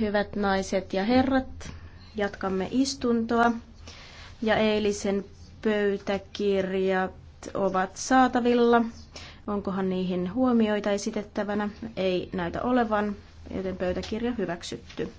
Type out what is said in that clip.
Hyvät naiset ja herrat, jatkamme istuntoa ja eilisen pöytäkirjat ovat saatavilla. Onkohan niihin huomioita esitettävänä? Ei näytä olevan, joten pöytäkirja hyväksytty.